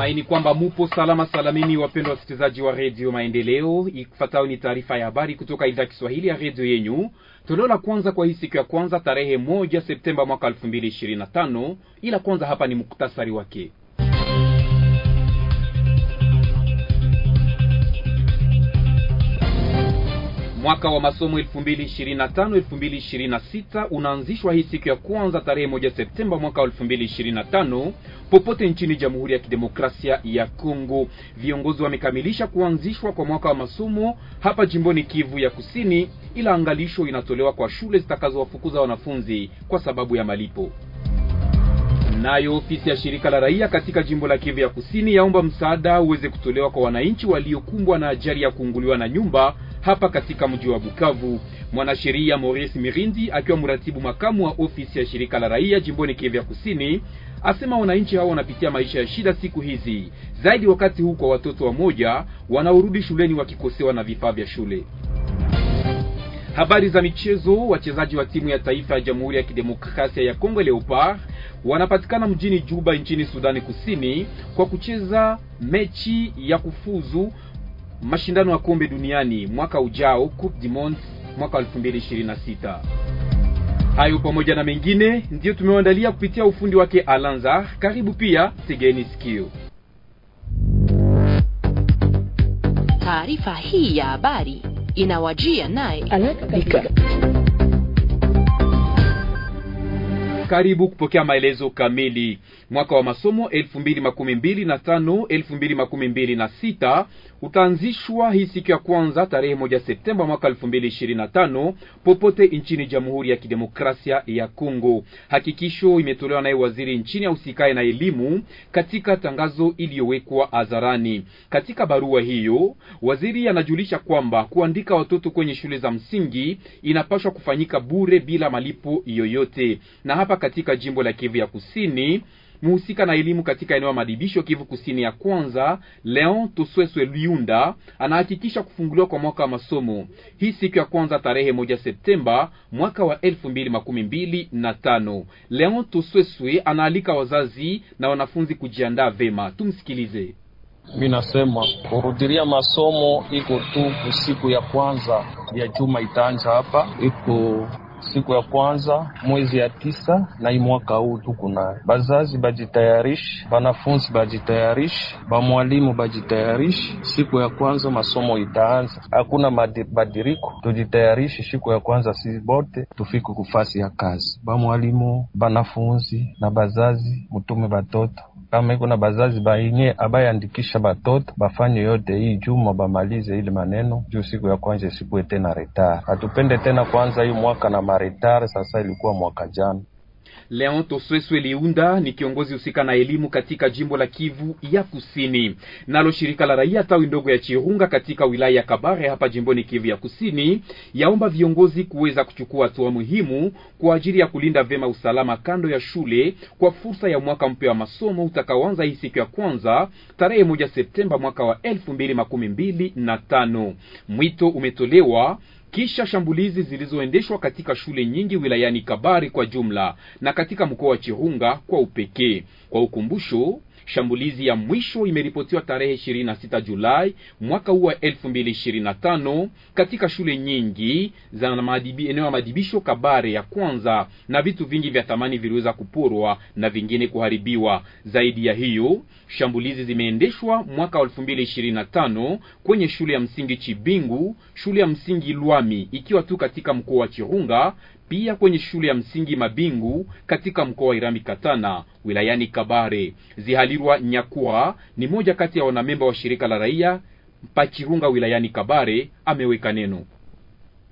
Natumaini kwamba mupo salama salamini, wapendwa wasikilizaji wa redio Maendeleo. Ifuatayo ni taarifa ya habari kutoka idhaa Kiswahili ya redio yenyu, toleo la kwanza kwa hii siku ya kwanza tarehe moja Septemba mwaka elfu mbili ishirini na tano. Ila kwanza hapa ni muktasari wake. Mwaka wa masomo 2025-2026 unaanzishwa hii siku ya kwanza tarehe 1 Septemba mwaka 2025 popote nchini Jamhuri ya Kidemokrasia ya Kongo. Viongozi wamekamilisha kuanzishwa kwa mwaka wa masomo hapa jimboni Kivu ya Kusini, ila angalisho inatolewa kwa shule zitakazowafukuza wanafunzi kwa sababu ya malipo. Nayo ofisi ya shirika la raia katika jimbo la Kivu ya Kusini yaomba msaada uweze kutolewa kwa wananchi waliokumbwa na ajali ya kuunguliwa na nyumba hapa katika mji wa Bukavu. Mwanasheria Maurice Mirindi akiwa mratibu makamu wa ofisi ya shirika la raia jimboni Kivu ya Kusini asema wananchi hao wanapitia maisha ya shida siku hizi zaidi, wakati huu kwa watoto wa moja wanaorudi shuleni wakikosewa na vifaa vya shule. Habari za michezo. Wachezaji wa timu ya taifa ya Jamhuri ya Kidemokrasia ya Kongo Leopard wanapatikana mjini Juba nchini Sudani Kusini kwa kucheza mechi ya kufuzu mashindano ya kombe duniani mwaka ujao, Coupe du Monde mwaka 2026. Hayo pamoja na mengine ndiyo tumewaandalia kupitia ufundi wake Alanza. Karibu pia, tegeni sikio. Taarifa hii ya habari inawajia naye Karibu kupokea maelezo kamili. Mwaka wa masomo elfu mbili tano utaanzishwa hii siku ya kwanza tarehe moja Septemba mwaka elfu popote nchini Jamhuri ya Kidemokrasia ya Kongo. Hakikisho imetolewa naye waziri nchini ausikaye na elimu katika tangazo iliyowekwa hadharani. Katika barua hiyo, waziri anajulisha kwamba kuandika watoto kwenye shule za msingi inapaswa kufanyika bure bila malipo yoyote, na hapa katika jimbo la Kivu ya Kusini, muhusika na elimu katika eneo ya madibisho Kivu Kusini ya kwanza, Leon Tosweswe Liunda anahakikisha kufunguliwa kwa mwaka wa masomo hii siku ya kwanza tarehe moja Septemba mwaka wa elfu mbili makumi mbili na tano. Leon Tosweswe anaalika wazazi na wanafunzi kujiandaa vema. Tumsikilize. nasema kurudiria masomo iko tu siku ya kwanza ya juma itaanza hapa iko siku ya kwanza mwezi ya tisa na hii mwaka huu tuku nayo. Bazazi bajitayarishi banafunzi bajitayarishi bamwalimu bajitayarishi Siku ya kwanza masomo itaanza, hakuna mabadiriko, tujitayarishi siku ya kwanza, sisi bote tufike kufasi ya kazi, bamwalimu, banafunzi na bazazi, mtume batoto kama iko na bazazi bainye abayandikisha batoto bafanye yote hii juma bamalize ile maneno juu siku ya kwanza isikuwe tena retard. Hatupende tena kwanza hii mwaka na maretard. Sasa ilikuwa mwaka jana Leon Tosweswe Liunda ni kiongozi husika na elimu katika jimbo la Kivu ya Kusini. Nalo shirika la raia tawi ndogo ya Chirunga katika wilaya ya Kabare hapa jimboni Kivu ya Kusini yaomba viongozi kuweza kuchukua hatua muhimu kwa ajili ya kulinda vyema usalama kando ya shule kwa fursa ya mwaka mpya wa masomo utakaoanza hii siku ya kwanza tarehe moja Septemba mwaka wa elfu mbili makumi mbili na tano. Mwito umetolewa kisha shambulizi zilizoendeshwa katika shule nyingi wilayani kabari kwa jumla na katika mkoa wa Chirunga kwa upekee. Kwa ukumbusho Shambulizi ya mwisho imeripotiwa tarehe 26 Julai mwaka huu wa 2025 katika shule nyingi za madibi, eneo ya madibisho Kabare ya kwanza, na vitu vingi vya thamani viliweza kuporwa na vingine kuharibiwa. Zaidi ya hiyo, shambulizi zimeendeshwa mwaka wa 2025 kwenye shule ya msingi Chibingu, shule ya msingi Lwami ikiwa tu katika mkoa wa Chirunga pia kwenye shule ya msingi Mabingu katika mkoa wa Irami Katana wilayani Kabare. Zihalirwa Nyakua ni moja kati ya wanamemba wa shirika la raia Pachirunga wilayani Kabare ameweka neno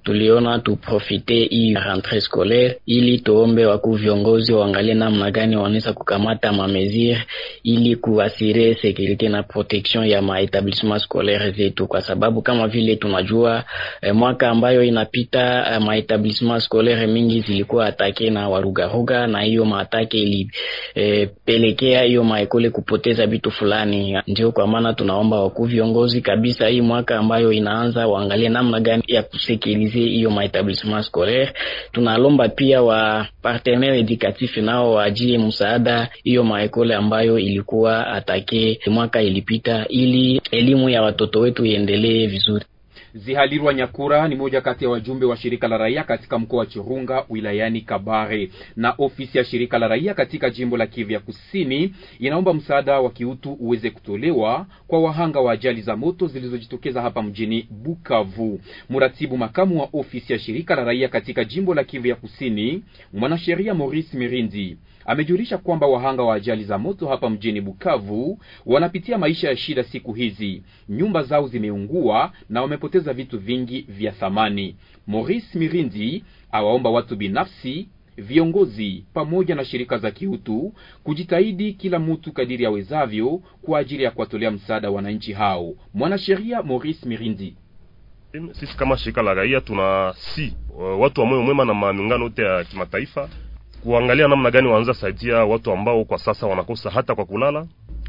tuliona tuprofite hii rentree scolaire ili tuombe waku viongozi waangalie namna gani wanaweza kukamata mamesire ili kuasire securite na protection ya maetablisma scolaire zetu, kwa sababu kama vile tunajua eh, mwaka ambayo inapita eh, maetablisma scolaire mingi zilikuwa atake na warugaruga, na hiyo maatake ilipelekea eh, hiyo maekole kupoteza vitu fulani. Ndio kwa maana tunaomba waku viongozi kabisa, hii mwaka ambayo inaanza waangalie namna gani ya kusekiliza kuorganize hiyo maetablissement scolaire. Tunalomba pia wa partenaire edukatif nao waajie msaada hiyo maekole ambayo ilikuwa atake mwaka ilipita, ili elimu ya watoto wetu iendelee vizuri. Zihalirwa Nyakura ni moja kati ya wajumbe wa shirika la raia katika mkoa wa Chirunga wilayani Kabare, na ofisi ya shirika la raia katika jimbo la Kivu ya Kusini inaomba msaada wa kiutu uweze kutolewa kwa wahanga wa ajali za moto zilizojitokeza hapa mjini Bukavu. Mratibu makamu wa ofisi ya shirika la raia katika jimbo la Kivu ya Kusini, mwanasheria Maurice Mirindi amejulisha kwamba wahanga wa ajali za moto hapa mjini Bukavu wanapitia maisha ya shida siku hizi. Nyumba zao zimeungua na wamepoteza vitu vingi vya thamani. Maurice Mirindi awaomba watu binafsi viongozi pamoja na shirika za kiutu kujitahidi kila mtu kadiri awezavyo kwa ajili ya kuwatolea msaada wananchi hao. Mwanasheria Maurice Mirindi: sisi kama shirika la raia tuna si eh, watu wa moyo mwema na maungano yote ya kimataifa kuangalia namna gani waanza saidia watu ambao kwa sasa wanakosa hata kwa kulala,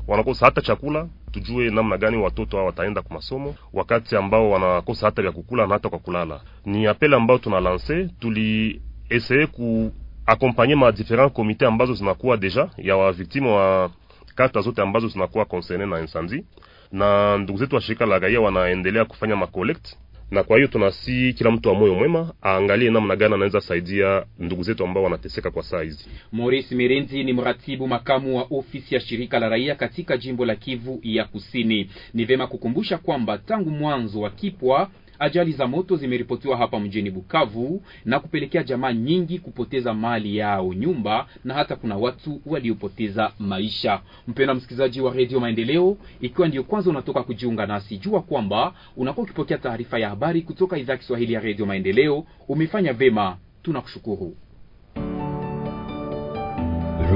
wanakosa hata chakula. Tujue namna gani watoto hao wataenda kwa masomo wakati ambao wanakosa hata vya kukula na hata kwa kulala. Ni apel ambao tuna lance, tuli essayer ku accompagner ma different komite ambazo zinakuwa deja ya wa victime wa kata zote ambazo zinakuwa concerne na incendie, na ndugu zetu wa shirika la raia wanaendelea kufanya ma collect na kwa hiyo tunasi kila mtu wa moyo mwema aangalie namna gani anaweza saidia ndugu zetu ambao wanateseka kwa saa hizi. Maurice Mirenzi ni mratibu makamu wa ofisi ya shirika la raia katika jimbo la Kivu ya Kusini. Ni vema kukumbusha kwamba tangu mwanzo wa kipwa Ajali za moto zimeripotiwa hapa mjini Bukavu na kupelekea jamaa nyingi kupoteza mali yao, nyumba na hata kuna watu waliopoteza maisha. Mpendwa msikilizaji wa Redio Maendeleo, ikiwa ndiyo kwanza unatoka kujiunga nasi, jua kwamba unakuwa ukipokea taarifa ya habari kutoka idhaa ya Kiswahili ya Redio Maendeleo. Umefanya vema, tunakushukuru.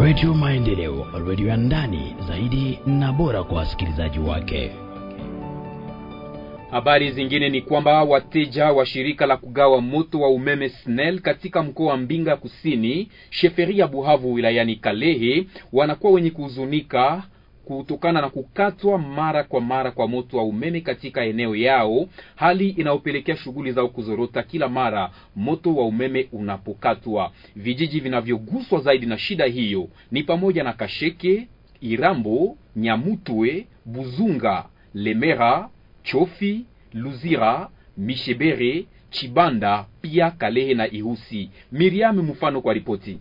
Redio Maendeleo, redio ya ndani zaidi na bora kwa wasikilizaji wake. Habari zingine ni kwamba wateja wa shirika la kugawa moto wa umeme SNEL katika mkoa wa Mbinga Kusini, sheferi ya Buhavu wilayani Kalehe wanakuwa wenye kuhuzunika kutokana na kukatwa mara kwa mara kwa moto wa umeme katika eneo yao, hali inayopelekea shughuli zao kuzorota kila mara moto wa umeme unapokatwa. Vijiji vinavyoguswa zaidi na shida hiyo ni pamoja na Kasheke, Irambo, Nyamutwe, Buzunga, Lemera Chofi, Luzira, Mishebere, Chibanda, pia Kalehe na Ihusi. Miriam mfano kwa ripoti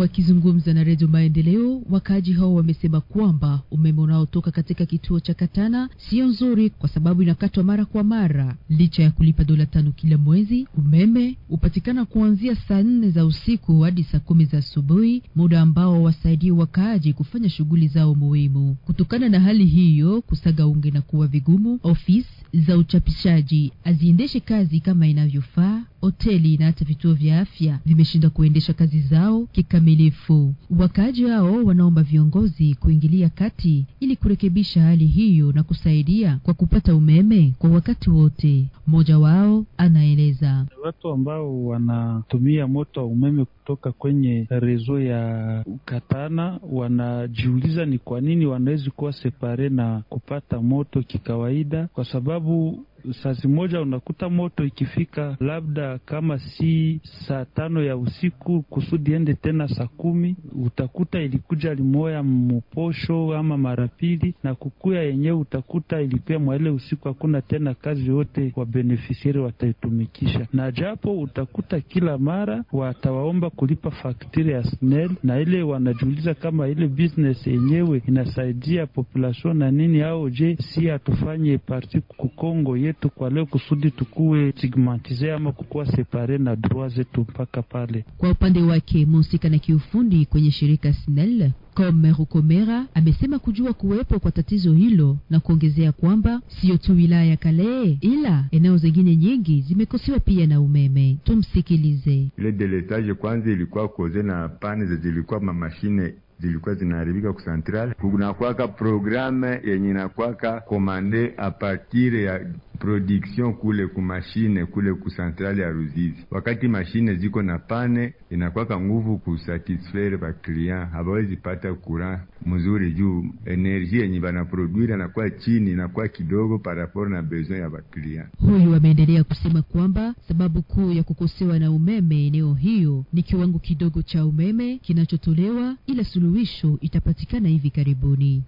Wakizungumza na Redio Maendeleo, wakaaji hao wamesema kwamba umeme unaotoka katika kituo cha Katana sio nzuri kwa sababu inakatwa mara kwa mara. Licha ya kulipa dola tano kila mwezi, umeme hupatikana kuanzia saa nne za usiku hadi saa kumi za asubuhi, muda ambao wasaidie wakaaji kufanya shughuli zao muhimu. Kutokana na hali hiyo, kusaga unge na kuwa vigumu, ofisi za uchapishaji haziendeshe kazi kama inavyofaa, hoteli na hata vituo vya afya vimeshindwa kuendesha kazi zao kikamilifu. Wakaaji hao wanaomba viongozi kuingilia kati ili kurekebisha hali hiyo na kusaidia kwa kupata umeme kwa wakati wote. Mmoja wao anaeleza watu ambao wanatumia moto wa umeme kutoka kwenye rezo ya Katana wanajiuliza ni kwa nini wanawezi kuwa separe na kupata moto kikawaida, kwa sababu saa zimoja unakuta moto ikifika labda kama si saa tano ya usiku kusudi ende tena saa kumi, utakuta ilikuja limoya muposho ama mara pili, na kukuya yenyewe utakuta ilikuya mwaile usiku, hakuna tena kazi yote wa benefisiari wataitumikisha, na japo utakuta kila mara watawaomba kulipa fakturi ya SNEL, na ile wanajiuliza kama ile business yenyewe inasaidia population na nini, au je si hatufanye parti kukongo ye yetu kwa leo kusudi tukuwe stigmatize ama kukuwa separe na droa zetu mpaka pale. Kwa upande wake mhusika na kiufundi kwenye shirika SNEL Comme Rukomera amesema kujua kuwepo kwa tatizo hilo na kuongezea kwamba siyo tu wilaya ya Kalehe ila eneo zingine nyingi zimekosiwa pia na umeme. Tumsikilize. Ile deletage kwanza ilikuwa koze na pane zilikuwa mamashine zilikuwa zinaharibika ku central. Kunakwaka programe yenye inakwaka komande apartire ya production kule kumashine kule kusentrali ya Ruzizi. Wakati mashine ziko na pane, inakwaka nguvu kusatisfaire ba client, hawawezi pata courant mzuri juu energie yenye banaproduira nakuwa chini, inakuwa kidogo parapor na besoin ya ba client. Huyu ameendelea kusema kwamba sababu kuu ya kukosewa na umeme eneo hiyo ni kiwango kidogo cha umeme kinachotolewa, ila suluhisho itapatikana hivi karibuni.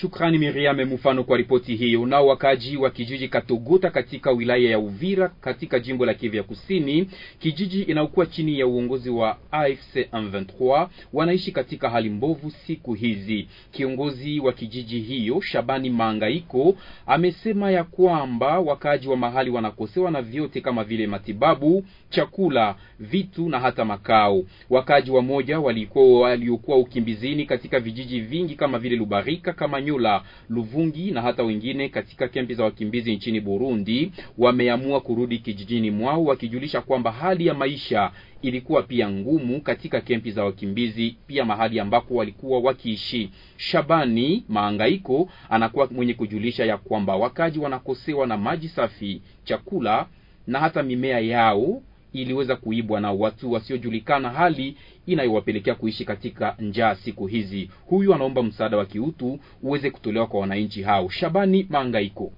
Shukrani Miriam mfano kwa ripoti hiyo. Nao wakaaji wa kijiji Katoguta katika wilaya ya Uvira katika jimbo la Kivu ya Kusini, kijiji inayokuwa chini ya uongozi wa AFC M23, wanaishi katika hali mbovu siku hizi. Kiongozi wa kijiji hiyo Shabani Mangaiko amesema ya kwamba wakaaji wa mahali wanakosewa na vyote kama vile matibabu, chakula, vitu na hata makao. Wakaaji wa moja walikuwa waliokuwa ukimbizini katika vijiji vingi kama vile Lubarika kama Kamanyola, Luvungi na hata wengine katika kambi za wakimbizi nchini Burundi wameamua kurudi kijijini mwao wakijulisha kwamba hali ya maisha ilikuwa pia ngumu katika kempi za wakimbizi, pia mahali ambako walikuwa wakiishi. Shabani Maangaiko anakuwa mwenye kujulisha ya kwamba wakaji wanakosewa na maji safi, chakula na hata mimea yao iliweza kuibwa na watu wasiojulikana, hali inayowapelekea kuishi katika njaa siku hizi. Huyu anaomba msaada wa kiutu uweze kutolewa kwa wananchi hao. Shabani Mangaiko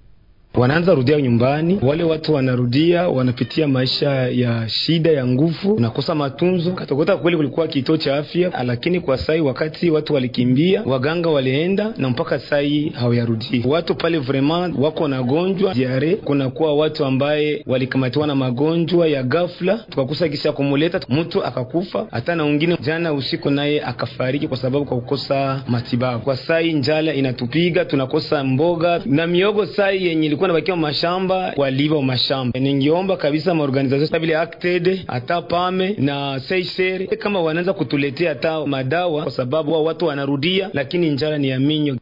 wanaanza rudia nyumbani. Wale watu wanarudia wanapitia maisha ya shida ya nguvu, unakosa matunzo. katokota kweli kulikuwa kituo cha afya, lakini kwa sai wakati watu walikimbia, waganga walienda na mpaka sai hawayarudii watu pale. Vraiment wako na gonjwa diare, kunakuwa watu ambaye walikamatiwa na magonjwa ya ghafla, tukakosa kisha kumuleta mtu akakufa, hata na wengine jana usiku naye akafariki kwa sababu kwa kukosa matibabu. Kwa sai njala inatupiga, tunakosa mboga na miogo sai yenye walikuwa nabakia mashamba waliva mashamba. Ningiomba kabisa maorganizasyon kama vile Acted hata Pame na Seisere kama wanaanza kutuletea hata madawa, kwa sababu wa watu wanarudia, lakini njala ni ya minyo.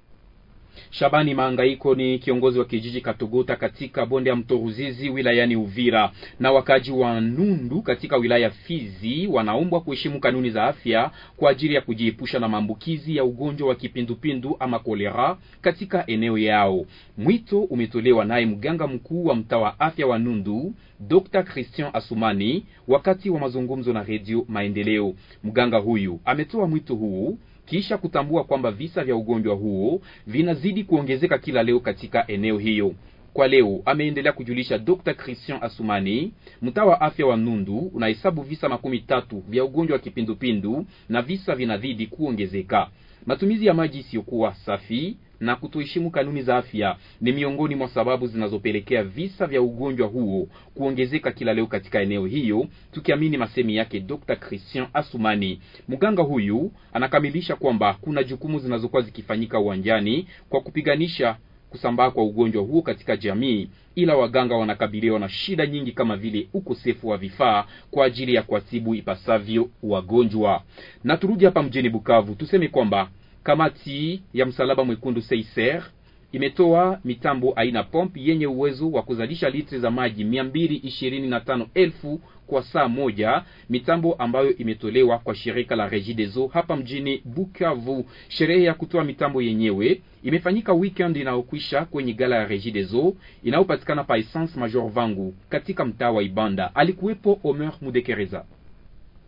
Shabani Maangaiko ni kiongozi wa kijiji Katuguta katika bonde ya mto Ruzizi wilayani Uvira. Na wakaji wa Nundu katika wilaya Fizi wanaombwa kuheshimu kanuni za afya kwa ajili ya kujiepusha na maambukizi ya ugonjwa wa kipindupindu ama kolera katika eneo yao. Mwito umetolewa naye mganga mkuu wa mtaa wa afya wa Nundu Dr. Christian Asumani wakati wa mazungumzo na Radio Maendeleo. Mganga huyu ametoa mwito huu kisha kutambua kwamba visa vya ugonjwa huo vinazidi kuongezeka kila leo katika eneo hiyo. Kwa leo ameendelea kujulisha Dr. Christian Asumani, mtaa wa afya wa Nundu unahesabu visa makumi tatu vya ugonjwa wa kipindupindu na visa vinazidi kuongezeka. Matumizi ya maji isiyokuwa safi na kutoheshimu kanuni za afya ni miongoni mwa sababu zinazopelekea visa vya ugonjwa huo kuongezeka kila leo katika eneo hiyo, tukiamini masemi yake Dr. Christian Asumani. Mganga huyu anakamilisha kwamba kuna jukumu zinazokuwa zikifanyika uwanjani kwa kupiganisha kusambaa kwa ugonjwa huu katika jamii, ila waganga wanakabiliwa na shida nyingi kama vile ukosefu wa vifaa kwa ajili ya kuatibu ipasavyo wagonjwa. Na turudi hapa mjini Bukavu, tuseme kwamba kamati ya Msalaba Mwekundu Seiser imetoa mitambo aina pomp yenye uwezo wa kuzalisha litri za maji 225,000 kwa saa moja, mitambo ambayo imetolewa kwa shirika la Regideso hapa mjini Bukavu. Sherehe ya kutoa mitambo yenyewe imefanyika weekend inayokwisha kwenye gala ya Regideso inayopatikana pa Essence Major Vangu katika mtaa wa Ibanda. Alikuwepo Omer Mudekereza.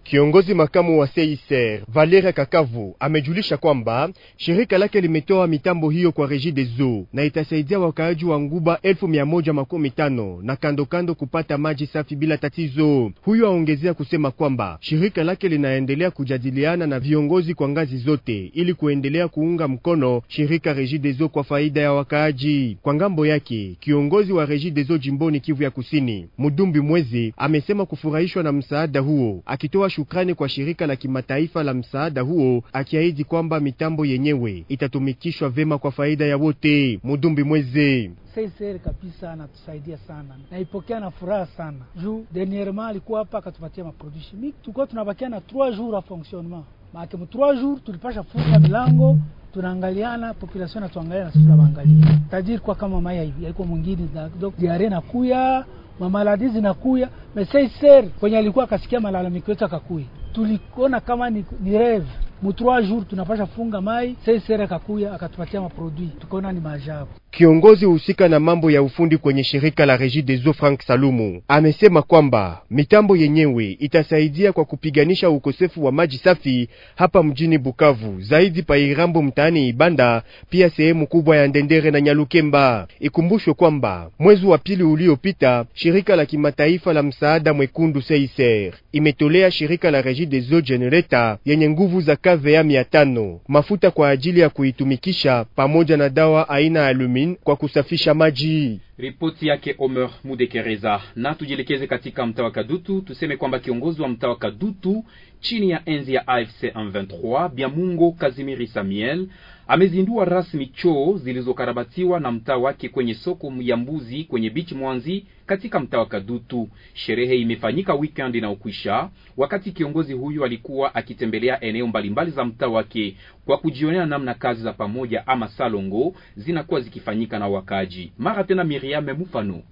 Kiongozi makamu wa CICR Valera Kakavu amejulisha kwamba shirika lake limetoa mitambo hiyo kwa Regideso na itasaidia wakaaji wa Nguba 1115 na kandokando kando kupata maji safi bila tatizo. Huyo aongezea kusema kwamba shirika lake linaendelea kujadiliana na viongozi kwa ngazi zote ili kuendelea kuunga mkono shirika Regideso kwa faida ya wakaaji. Kwa ngambo yake, kiongozi wa Regideso jimboni Kivu ya Kusini Mudumbi Mwezi amesema kufurahishwa na msaada huo akitoa shukrani kwa shirika la kimataifa la msaada huo, akiahidi kwamba mitambo yenyewe itatumikishwa vema kwa faida ya wote. Mudumbi Mweze Seiseri kabisa anatusaidia sana, naipokea na furaha sana juu dernierement alikuwa hapa akatupatia maproduit chimique, tulikuwa tunabakia na 3 jours a fonctionnement maake mu 3 jours tulipasha funga milango tunaangaliana population natuangalia na sisi tunaangalia tajiri kwa kama mai hivi haiko mwingine za diare na kuya mamaladi zinakuya mesei kwenye alikuwa akasikia malalamiko yetu akakuya tulikona kama ni, ni reve mu 3 jours tunapasha funga mai. Sesere akakuya akatupatia maprodui, tukaona ni maajabu. Kiongozi husika na mambo ya ufundi kwenye shirika la zo Frank Salumu amesema kwamba mitambo yenyewe itasaidia kwa kupiganisha ukosefu wa maji safi hapa mjini Bukavu, zaidi pa Irambo mtaani Ibanda, pia sehemu kubwa ya Ndendere na Nyalukemba. Ikumbushwe kwamba mwezi wa pili uliopita shirika la kimataifa la msaada mwekundu CICR imetolea shirika la Regideso generator yenye nguvu za kavea mia tano mafuta kwa ajili ya kuitumikisha pamoja na dawa aina ya alumin kwa kusafisha maji. Ripoti yake Omer Mudekereza. Na tujielekeze katika mtaa wa Kadutu, tuseme kwamba kiongozi wa mtaa wa Kadutu chini ya enzi ya AFC M23 Biamungo Kazimiri Samuel amezindua rasmi choo zilizokarabatiwa na mtaa wake kwenye soko ya mbuzi kwenye bichi Mwanzi katika mtaa wa Kadutu. Sherehe imefanyika weekend ukwisha wakati kiongozi huyu alikuwa akitembelea eneo mbalimbali za mtaa wake kwa kujionea namna kazi za pamoja ama salongo zinakuwa zikifanyika na wakaji. Mara tena Miriam Mufano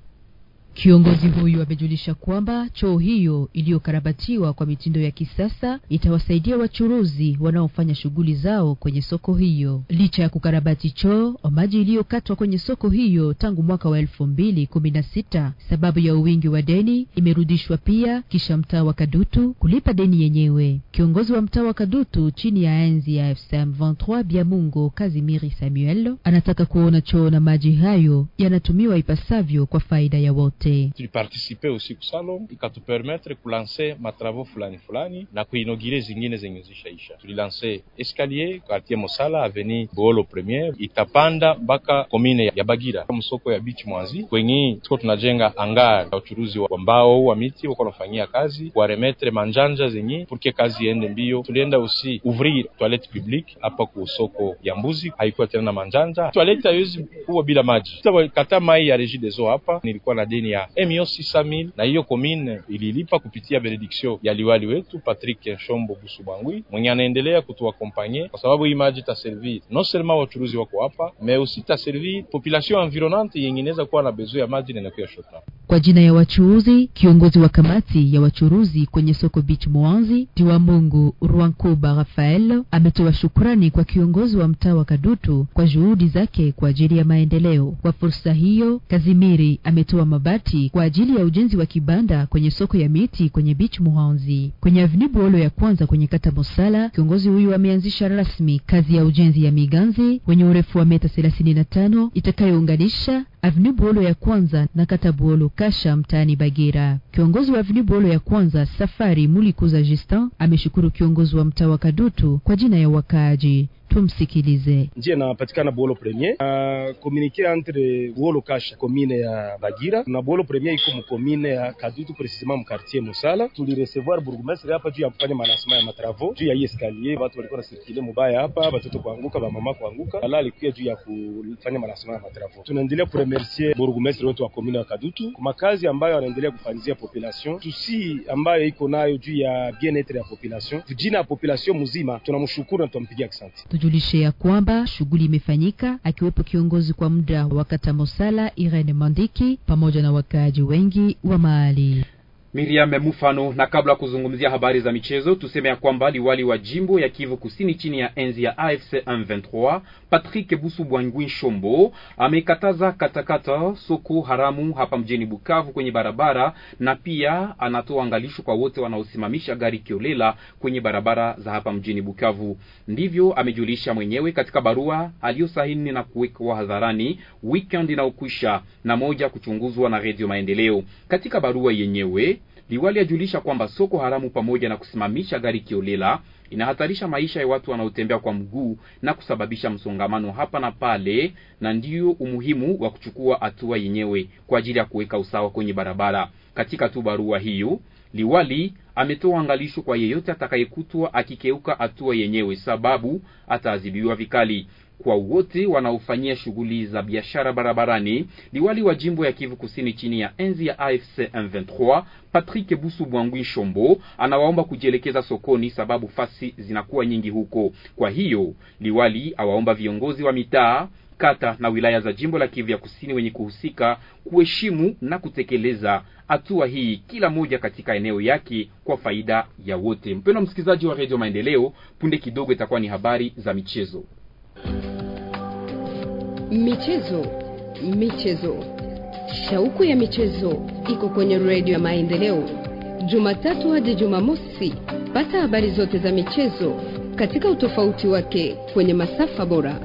Kiongozi huyu amejulisha kwamba choo hiyo iliyokarabatiwa kwa mitindo ya kisasa itawasaidia wachuruzi wanaofanya shughuli zao kwenye soko hiyo. Licha ya kukarabati choo, maji iliyokatwa kwenye soko hiyo tangu mwaka wa elfu mbili kumi na sita sababu ya uwingi wa deni imerudishwa pia, kisha mtaa wa Kadutu kulipa deni yenyewe. Kiongozi wa mtaa wa Kadutu chini ya enzi ya FSM 23 Biamungo Kazimiri Samuel anataka kuona choo na maji hayo yanatumiwa ipasavyo kwa faida ya wote yote. Tulipantisipe usiku salon ikatupermetre kulanse matravo fulani fulani na kuinogire zingine zenye zishaisha. Tulilanse escalier quartier Mosala aveni Boolo premier itapanda mpaka komine ya Bagira msoko ya bichi mwanzi kwenye tuko tunajenga angar ya uchuruzi wa mbao wa miti wako nafanyia kazi waremetre manjanja zenye purke kazi ende mbio. Tulienda usi ouvrir toilette publique hapa ku soko ya mbuzi, haikuwa tena na manjanja. Toilette haiwezi kuwa bila maji, tutakata mai ya regideso hapa. Nilikuwa na deni ya 600 mil na hiyo komine ililipa kupitia benediksio ya liwali wetu Patrick Shombo Bangui mwenye anaendelea kutuakompanye kwa sababu hii maji taservi non seulement wachuruzi wako hapa mais aussi taservi population environnante yenye inaweza kuwa na bezo ya maji nanakuya shota. Kwa jina ya wachuuzi, kiongozi wa kamati ya wachuruzi kwenye soko Beach Mwanzi Mungu Ruankuba Rafael ametoa shukrani kwa kiongozi wa mtaa wa Kadutu kwa juhudi zake kwa ajili ya maendeleo. Kwa fursa hiyo, Kazimiri ametoa mabaya mabati kwa ajili ya ujenzi wa kibanda kwenye soko ya miti kwenye beach Muhaonzi. kwenye avni Buolo ya kwanza kwenye kata Mosala. Kiongozi huyu ameanzisha rasmi kazi ya ujenzi ya miganzi wenye urefu wa meta 35 itakayounganisha Avenu Bolo ya kwanza na kata Buholo Kasha mtaani bagira Kiongozi wa Avenu Buholo ya kwanza Safari Mulikuza Justin ameshukuru kiongozi wa mtaa wa Kadutu kwa jina ya wakaaji. Tumsikilize. Njia napatikana Buholo Premier na ah, komunike entre Buholo Kasha komine ya Bagira na Bolo Premier iko mukomine ya Kadutu, precisement mkartier Musala. Tuliresevoir burgomestre hapa juu ya kufanya manasima ya matravo juu ya hii escalier, watu walikuwa na mubaya hapa, watoto kuanguka, bamama kuanguka, ala alikuya juu ya kufanya manasima ya matravo. Tunaendelea premier remercie bourgmestre wetu wa komune wa Kadutu kwa makazi ambayo anaendelea kufanyizia population, tusi ambayo iko nayo juu ya bienetre ya population vijina ya population mzima. Tunamshukuru na tutampigia asante. Tujulishe ya kwamba shughuli imefanyika akiwepo kiongozi kwa muda wa kata Mosala Irene Mandiki pamoja na wakaaji wengi wa mahali. Miriam Mufano. Na kabla ya kuzungumzia habari za michezo, tuseme ya kwamba liwali wa jimbo ya Kivu Kusini chini ya enzi ya AFC M23 Patrick Busu Bwangwi Shombo amekataza katakata soko haramu hapa mjini Bukavu kwenye barabara, na pia anatoa angalisho kwa wote wanaosimamisha gari kiolela kwenye barabara za hapa mjini Bukavu. Ndivyo amejulisha mwenyewe katika barua aliyosahini na kuwekwa hadharani weekend inayokwisha na moja kuchunguzwa na Radio Maendeleo. Katika barua yenyewe Liwali ajulisha kwamba soko haramu pamoja na kusimamisha gari kiolela inahatarisha maisha ya watu wanaotembea kwa mguu na kusababisha msongamano hapa na pale, na ndiyo umuhimu wa kuchukua hatua yenyewe kwa ajili ya kuweka usawa kwenye barabara. Katika tu barua hiyo Liwali ametoa angalisho kwa yeyote atakayekutwa akikeuka hatua yenyewe, sababu ataadhibiwa vikali. Kwa wote wanaofanyia shughuli za biashara barabarani, liwali wa jimbo ya Kivu Kusini chini ya enzi ya AFC M23 Patrick Busu Bwangwi Shombo anawaomba kujielekeza sokoni, sababu fasi zinakuwa nyingi huko. Kwa hiyo liwali awaomba viongozi wa mitaa kata na wilaya za jimbo la Kivu ya Kusini wenye kuhusika kuheshimu na kutekeleza hatua hii, kila moja katika eneo yake kwa faida ya wote. Mpendwa msikilizaji wa Redio Maendeleo, punde kidogo itakuwa ni habari za michezo. Michezo, michezo, shauku ya michezo iko kwenye Redio ya Maendeleo, Jumatatu hadi Jumamosi. Pata habari zote za michezo katika utofauti wake kwenye masafa bora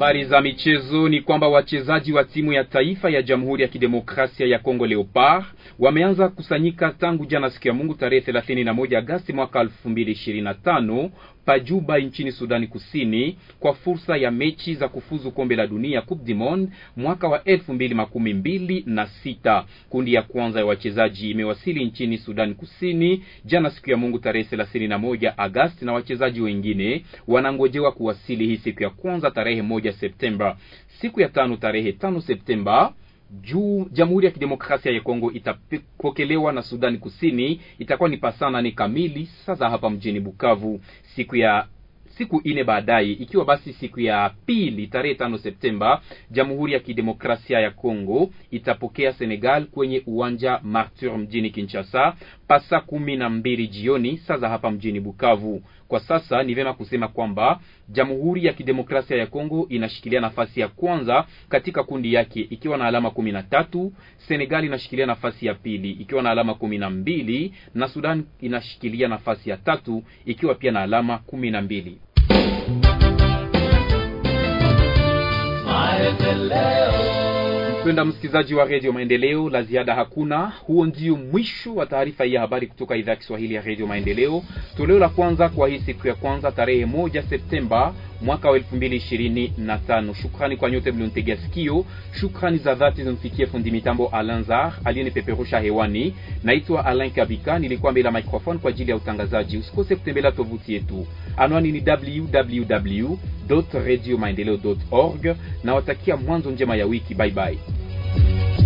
Habari za michezo ni kwamba wachezaji wa timu ya taifa ya Jamhuri ya Kidemokrasia ya Kongo Leopard wameanza kusanyika tangu jana siku ya Mungu tarehe 31 Agasti mwaka 2025 pajuba nchini Sudani Kusini kwa fursa ya mechi za kufuzu kombe la dunia Coupe du Monde mwaka wa elfu mbili makumi mbili na sita. Kundi ya kwanza ya wachezaji imewasili nchini Sudani Kusini jana siku ya Mungu tarehe thelathini na moja Agasti na wachezaji wengine wanangojewa kuwasili hii siku ya kwanza tarehe moja Septemba. Siku ya tano tarehe tano Septemba juu Jamhuri ya Kidemokrasia ya Kongo itapokelewa na Sudani Kusini itakuwa ni pasana ni kamili sasa hapa mjini Bukavu siku ya siku ine baadaye, ikiwa basi siku ya pili tarehe tano Septemba, Jamhuri ya Kidemokrasia ya Kongo itapokea Senegal kwenye uwanja Martyr mjini Kinshasa pa saa kumi na mbili jioni saa za hapa mjini Bukavu. Kwa sasa ni vema kusema kwamba Jamhuri ya Kidemokrasia ya Kongo inashikilia nafasi ya kwanza katika kundi yake ikiwa na alama kumi na tatu. Senegali inashikilia nafasi ya pili ikiwa na alama kumi na mbili na Sudan inashikilia nafasi ya tatu ikiwa pia na alama kumi na mbili tuenda msikilizaji wa redio Maendeleo, la ziada hakuna. Huo ndio mwisho wa taarifa hii ya habari kutoka idhaa ya Kiswahili ya redio Maendeleo, toleo la kwanza kwa hii siku ya kwanza tarehe moja Septemba mwaka wa tano. Shukrani kwa nyote mliontegea sikio. Shukrani za dhati zimfikie fundi mitambo Alanzar aliyenipeperusha hewani. Naitwa Alain Kabika, nilikuwa mbele ya microphone kwa ajili ya utangazaji. Usikose kutembelea tovuti yetu, anwani ni na Nawatakia mwanzo njema ya wiki. Bye bye.